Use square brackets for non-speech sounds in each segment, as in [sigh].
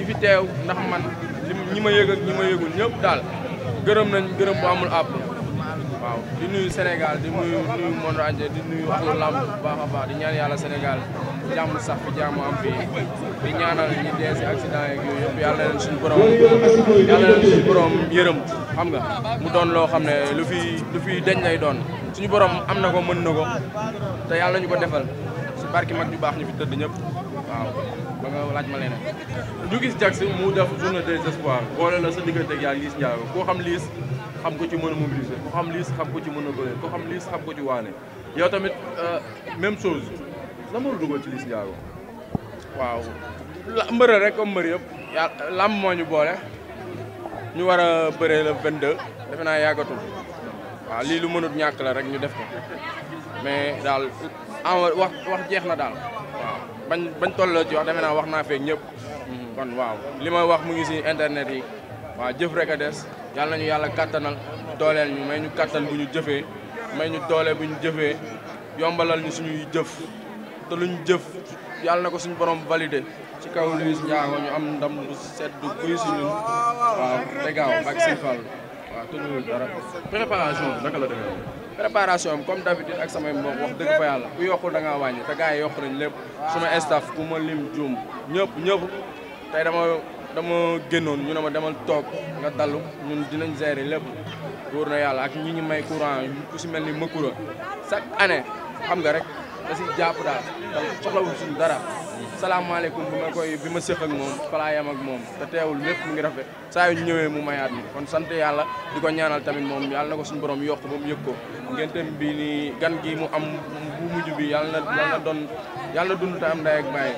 ñi fi teew ndax man ñi ma yëg ak ñëpp daal gërëm nañ gërëm bu amul àpp waaw di nuyu Sénégal di nuyu nuyu monde di nuyu ahlu làmb bu baax di ñaan yàlla senegal jàmm sax fi jàmm am fii di ñaanal ñi dee si accident yeeg yooyu yàlla leen suñu borom yàlla yërëm xam nga mu doon loo xam ne lu fi lu fi deñ lay doon suñu borom am na ko mën na te yàlla ñu ko defal barki mag ñu baax ñu fi tëdd ñëpp waaw ba nga laaj ma leneen ñu gis jag si mu def journée des espoirs boole sa diggante ak yaa Liss Ndiago koo xam Liss xam ko ci mën a mobiliser xam liis xam ko ci mën a bëre koo xam Liss xam ko ci waane yow tamit euh, même chose la moo dugal ci Liss Ndiago waaw mbëra rek comme mbër yëpp yaa làmb moo ñu boole ñu war a bëree le 22 defe naa yàggatul waaw lii lu mënut ñàkk la rek ñu def ko mais daal ama ah, wax wax jeex na daal waaw bañ bañ tolloo ci wax defe naa wax naa feeg ñëpp mhm. kon waaw li ma wax mu ngi si internet yi waaw jëf rek a des yàlla nañu yàlla kàttanal dooleel ñu may ñu kàttan bu ñu jëfee may ñu doole bu ñu jëfee yombalal ñu suñuy jëf te luñ jëf yàlla na ko suñu borom validé ci kaw Luis Ndiago ñu am ndam bu sedd guy si ñun waaw te gaaw ak si Fall waaw tëjuwul dara préparation naka la demee préparation am comme d'habitude ak samay mbokk wax dëgg fa yàlla ku yokkul da ngaa wàññi te gars yi yokk nañ lépp suma staff ku ma juum ñëpp ñëpp tey dama génnoon ñu na ma demal toog nga dallu ñun dinañ gérer lépp wóor na yàlla ak ñi ñu may courant ku si mel ni Makura chaque année xam nga rek da si jàpp daal da soxlawul suñu dara salaamaaleykum bi ma koy bi ma sëq ak moom falaa yam ak moom te teewul lépp mu ngi rafet saa yu ñëwee mu mayaat mi kon sant yàlla di ko ñaanal tamit moom yàlla na ko suñ borom yokk ba mu yëg ko ngentem bi ni gan gi mu am bu mujj bi yàlla doon yàlla na dund te am ndey ak bàyyi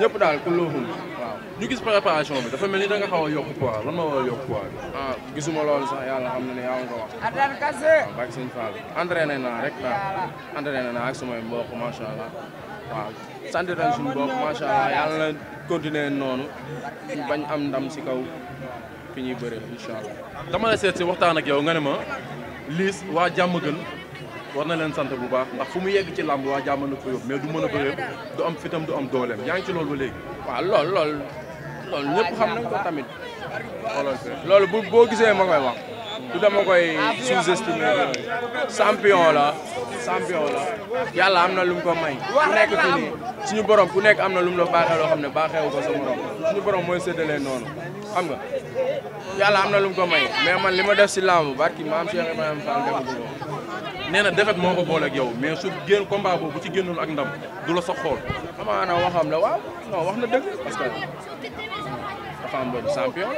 ñëpp daal kulluhum waaw ñu gis préparation bi dafa mel ni da nga xaw a yokk poids lan ma war a yokk poids bi ah gisuma lool sax yàlla xam na ne yaa ngi ko wax waaw baag sëñ naa rek daal naa ak sumay mbokk waaw sant nañ suñu bopp macha allah yàlla na continuer noonu bañ am ndam si kaw fi ñuy bëree incha allah. dama la seet si waxtaan ak yow nga ne ma liis waa jàmm gën war na leen sant bu baax ndax fu mu yegg ci làmb waa jàmm na ko yóbbu mais du mën a bëreem du am fitam du am dooleem yaa ngi ci loolu ba léegi. waaw lool lool loolu ñëpp xam nañ ko tamit loolu boo gisee ma koy wax. du dama koy sous-estimer champion la champion la yàlla am na lu ko may nekk fi suñu borom ku nekk am na lu mu la baaxee loo xam ne baaxeewu ko sa morom suñu borom mooy séddalee noonu xam nga yàlla am na lum ko may mais man li ma def si làmb barki maam Cheikh Ibrahima Fall defu ko nee na defet moo ko booleeg yow mais su génn ko boobu bu ci génnoon ak ndam du la sox xool amaana waxam la waaw non wax na dëgg parce que dafa am loolu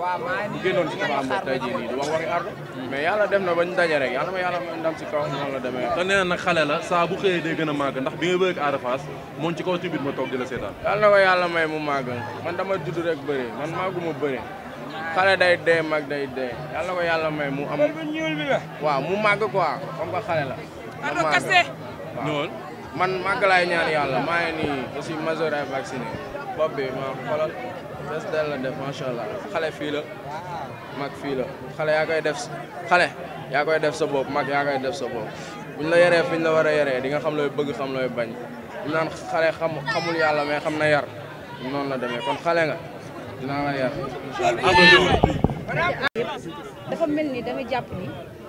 bu génnoon ci Tapha Mbeur tey jii nii wax waxi ardo mm. mais yàlla dem na ba bañ daje rek yàlla ma yàlla ma ndam ci kaw noonu la demee te na nag xale la saa bu xëyee day gën a màgg ndax bi nga bëgg Ada moom ci kaw tibit ma toog di la seetaan yàlla na ko may mu màgg man dama judd rek bëri man màgguma bëri xale day dee mag day dee yàlla ko yàlla may mu am waaw mu màgg ko comme que xale la mu màgg man màgg laay ñaan yàlla maa ngi nii je suis majeur et vacciné bopp bi ma xoolal des la def macha allah xale fii la mag fii xale yaa koy def xale yaa koy def sa bopp mag yaa koy def sa bopp buñ la yaree fiñ la war a yaree di nga xam looy bëgg xam looy bañ ñu naan xamul yàlla mais xam na yar noonu la demee kon xale nga dinaa la yar dafa mel ni dama jàpp ni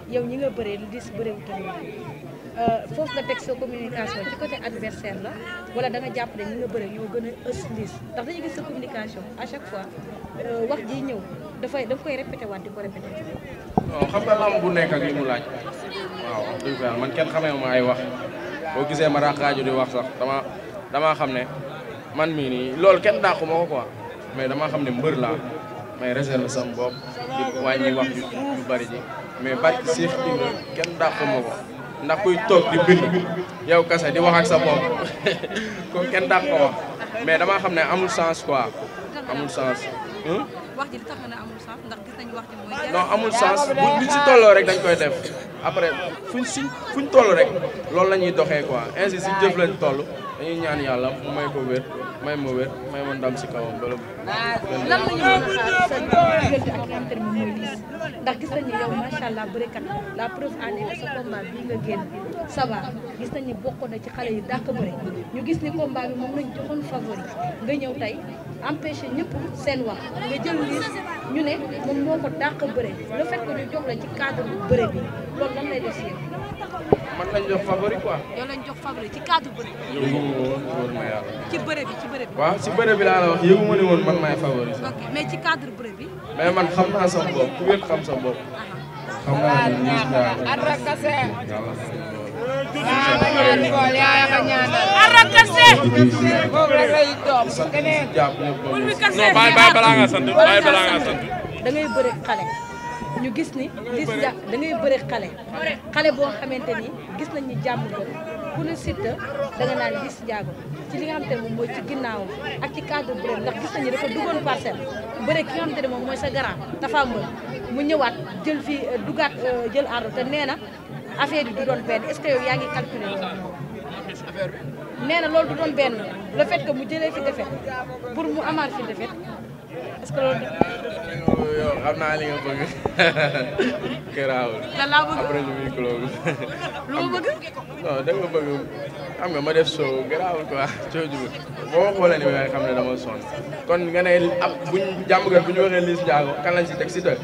yow ñi nga bëree lu dis bëree wu euh, foofu nga teg sa communication ci côté adversaire la wala da nga jàpp ne ñi nga bëree ñoo a ës liis ndax dañu euh, wax ji ñëw dafay da koy répété waat di ko répété. non xam nga lamb bu nekk ak li mu laaj waaw wax dëgg yàlla man kenn xamee ma ay wax boo gisee ma ràqaaju di wax sax dama xam ne man mii nii loolu kenn dàqu ma ko quoi mais damaa xam ne mbër laa. may réserve sama bopp di wàññi wax ju lu bari ji mais barki Seex Ibra kenn dàq ma ko ndax kuy toog di bind yow kase di wax ak sa bopp [laughs] ko kenn dàq ko mais damaa xam ne amul sens quoi amul sens. wax amul sens ndax gis tolloo rek dañ koy def. après fuñ si fuñ toll rek loolu la ñuy doxee quoi ainsi si jëf lañ toll dañuy ñaan yàlla mu may ko wér may ma wér may ma ndam si kawam bala. lan a ndax gis nañu yow macha allah bërekat la preuve en est que sa bii nga génn ça gis nañu bokk na ci xale yi dàq bëri ñu gis ni combat bi moom lañ joxoon favori nga ñëw tey. empêché ñëpp seen wax nga jël liis ñu ne moom moo ko dàq bëre le fait que ñu jox la ci cadre bu bëre bi loolu lan lay def man lañ jox favori quoi. yow lañ jox favori ci cadre bëre bi. ci bëre bi ci bëre bi. waaw ci bëre bi laa la wax yëgu ma woon man maay favori sax. ok mais ci cadre bëre bi. mais man xam naa sa bopp ku wéet xam sa bopp. Ah. xam naa ne lii non bàyyi bàyyi balaa nga sant bàyyi balaa nga sant. da ngay xale ñu gis ni gis ja da ngay bëri xale xale boo xamante ni gis nañ ni jàmm bëri ku ne Siteu da nga naan gis njaago ci li nga xamante ne moom mooy ci ginnaawam ak ci cadre bëri ndax gis nañu dafa duggoon parcelle bëri ki nga xamante ne moom mooy sa garant dafa mbër mu ñëwaat jël fii dugaat jël ardo te nee affaire yi du doon benn est que yow yaa ngi calculer loolu loolu du doon benn le fait que mu jëlee fi defet pour mu amaat fi defet est-ce que loolu. yow xam naa li nga bëgg [laughs] garaawul. lan après lu muy clos. lu ma bëgg. non da nga bëgg xam nga ma def soo garaawul quoi coono bi boo ma xoolee ni ma xam ne dama sonn kon nga ne ab buñ jàmm bu ñu waxee Liss Ndiago kan lañ si teg Siteu.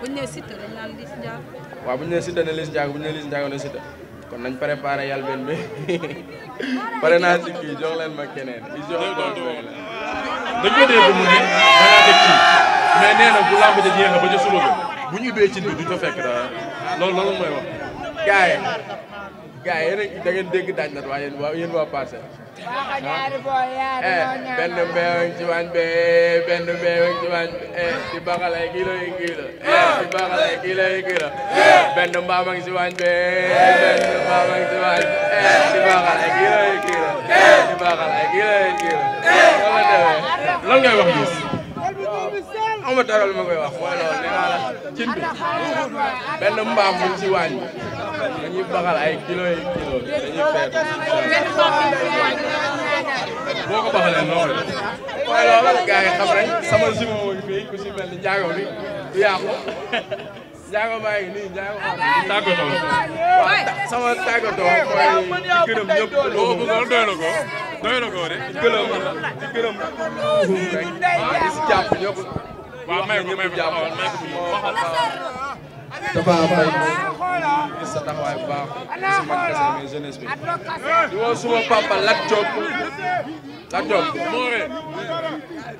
buñ nee Siteu dañ naan Liss Ndiago. waaw bu ñu nee Siteu ne Liss bu ñu nee Liss Ndiago ne Siteu kon nañ préparé yàlla benn bi [laughs] pare naa si kii jox leen ma keneen. dañ ko dégg mu ne danaa dégg kii mais nee na bu làmb ja jeexee ba ca suba bi bu ñu ubbee cin bi duñ fa fekk dara loolu loolu mooy wax gars gars yéen a da ngeen dégg daaj nat waaye yéen waa yéen waa parcelle. waaw ñaari booy yaari ñoo ñaar eh, benn mbéy ci waañ be eh, benn mbéy ci waañ be eh, di baxale kii la kii la di baxale kii la kii la benn mbaam ak ci waañ be benn mbaam ak ci waañ be di baxale kii la kii la di baxale kii la kii la lan ngay wax amul dara lu ma koy wax mooy loolu nee naa la cin bi benn mbaam buñ ci wàññi dañuy baxal ay kilo yi kilo dañuy feet boo ko baxalee noonu mooy loolu gars yi xam nañ sama sima mooy ku si mel ni njaago bi du yàqu njaago maa ngi nii njaago xam nañ tàggatoo waaw sama tàggatoo mooy gërëm ñëpp loo bëggoon doy la ko doy na ko de gërëm di gërëm di si jàpp ñëpp wax na ñëpp jàpp dafa am ay sa taxawaay bu baax gis man kese mais jeunesse bi di woo suma papa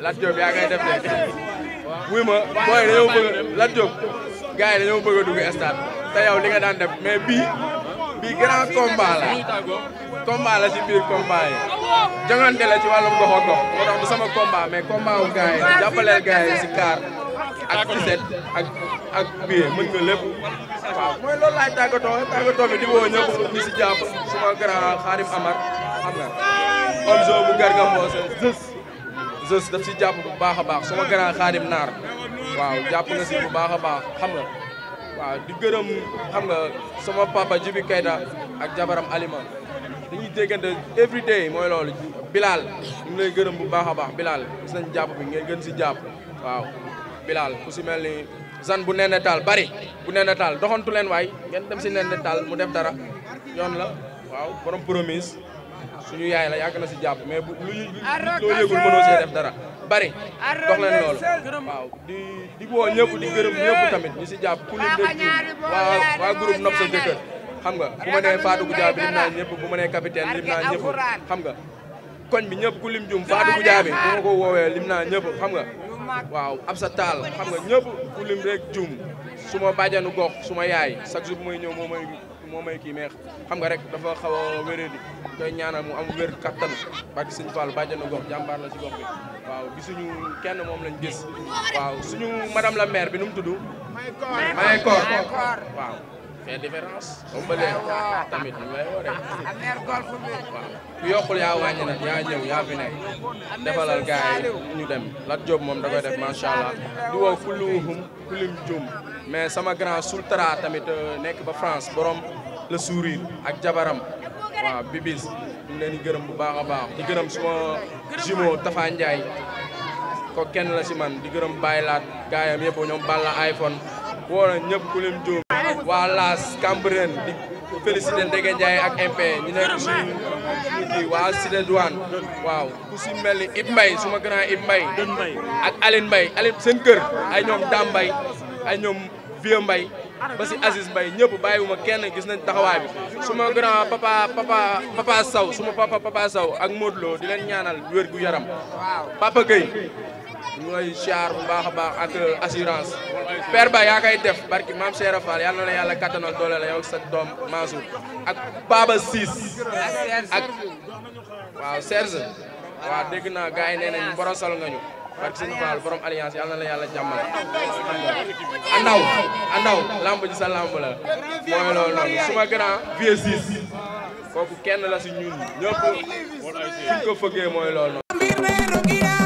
Lat Diop yaa ngay def de ma booy dañoo bëgg Lat Diop gars yi dañoo bëgg a dugg yow li nga daan def mais bii bii grand combat la combat la ci biir jongante la ci wàllum gox ak gox moo tax du sama combat mais combat wu gars yi jàppaleel gars yi si kaar ak set ak ak mën nga lépp waaw mooy loolu laay tàggatoo tàggatoo bi di woo ñëpp ñu si jàpp suma grand Xaarim Amar xam nga Omzo bu Garga Mbossé Zeus daf si jàpp bu baax a baax suma grand Xaarim Naar waaw jàpp nga si bu baax a baax xam nga waaw di gërëm xam nga sama papa Jibi Kayda ak jabaram Alima dañuy déggante every day mooy loolu Bilal ñu ngi lay gërëm bu baax a baax Bilal gis nañ jàpp bi gën si jàpp waaw bilaal ku si mel ni san bu nen taal bari bu nen taal doxantu leen waay ngeen dem si nen taal mu def dara yoon la waaw borom promise suñu yaay la yàgg na si jàpp mais bu lu loo yëgul mënoo see def dara bari dox di di woo ñëpp di gërëm ñëpp tamit ñu si jàpp ku lim de waa groupe nopp sa xam nga bu ma nee Fatou Goudiaby lim naa ñëpp bu ma nee capitaine lim naa ñëpp xam nga koñ bi ñëpp ku lim jum Fatou Goudiaby bu ma ko woowee lim naa ñëpp xam nga waaw Absa Tall xam nga ñëpp ku lim rek jum su ma bàjjanu gox suma ma yaay chaque jour mooy ñëw moo may moo may kii xam nga rek dafa xaw a wéré di koy ñaanal mu am wér kattan barki sëñ Fall bàjjanu gox jàmbaar la ci gox bi waaw kenn moom lañ gis waaw suñu madame la maire bi nu mu tudd Mahécor Mahécor waaw fait différence. comme ba léegi ah, tamit ñu lay woo rek. yokkul yaa wàññi nag yaa ñëw yaa fi nekk defalal gars ñu dem Lat Diop moom da def macha allah di woo Fulumuhum Fulum Dioum mais sama grand Soultara tamit euh, nekk ba France borom le sourire ak jabaram waaw bibis ñu leen di gërëm bu baax a baax di gërëm suma jumeau Tafa Ndiaye ko kenn la si man di gërëm bàyyi laat gaayam yëpp ñoom Balla iPhone woo na ñëpp ku lim waa Laas Cambérène di félicité Ndege Ndiaye ak MP ñu nekk ci waa Cité waaw ku si mel ni Ib Mbaye suma grand Ib Mbaye ak Aline mbay Aline seen kër ay ñoom Dame Mbaye ay ñoom Vieux mbay ba si Aziz Mbaye ñëpp bàyyiwuma kenn gis nañ taxawaay bi suma grand papa papa papa Sow suma papa papa saw ak Modou Lo di leen ñaanal wér gu yaram papa Gueye ñu ngay siyaar bu baax a baax ak euh, assurance père ba yaa koy def barki maam a Fall yal na la yàlla kattanal doole la yow sa doom Mansour ak Baba Ciss ak waaw Serge waaw dégg naa gars yi nee nañ borosal nga ñu barki suñu Fall borom alliance yal na la yàlla jàmmale andaw andaw ji sa lamb la mooy loolu noonu suma grand vieux Ciss kooku kenn la si ñun ñëpp suñ ko fëggee mooy loolu noonu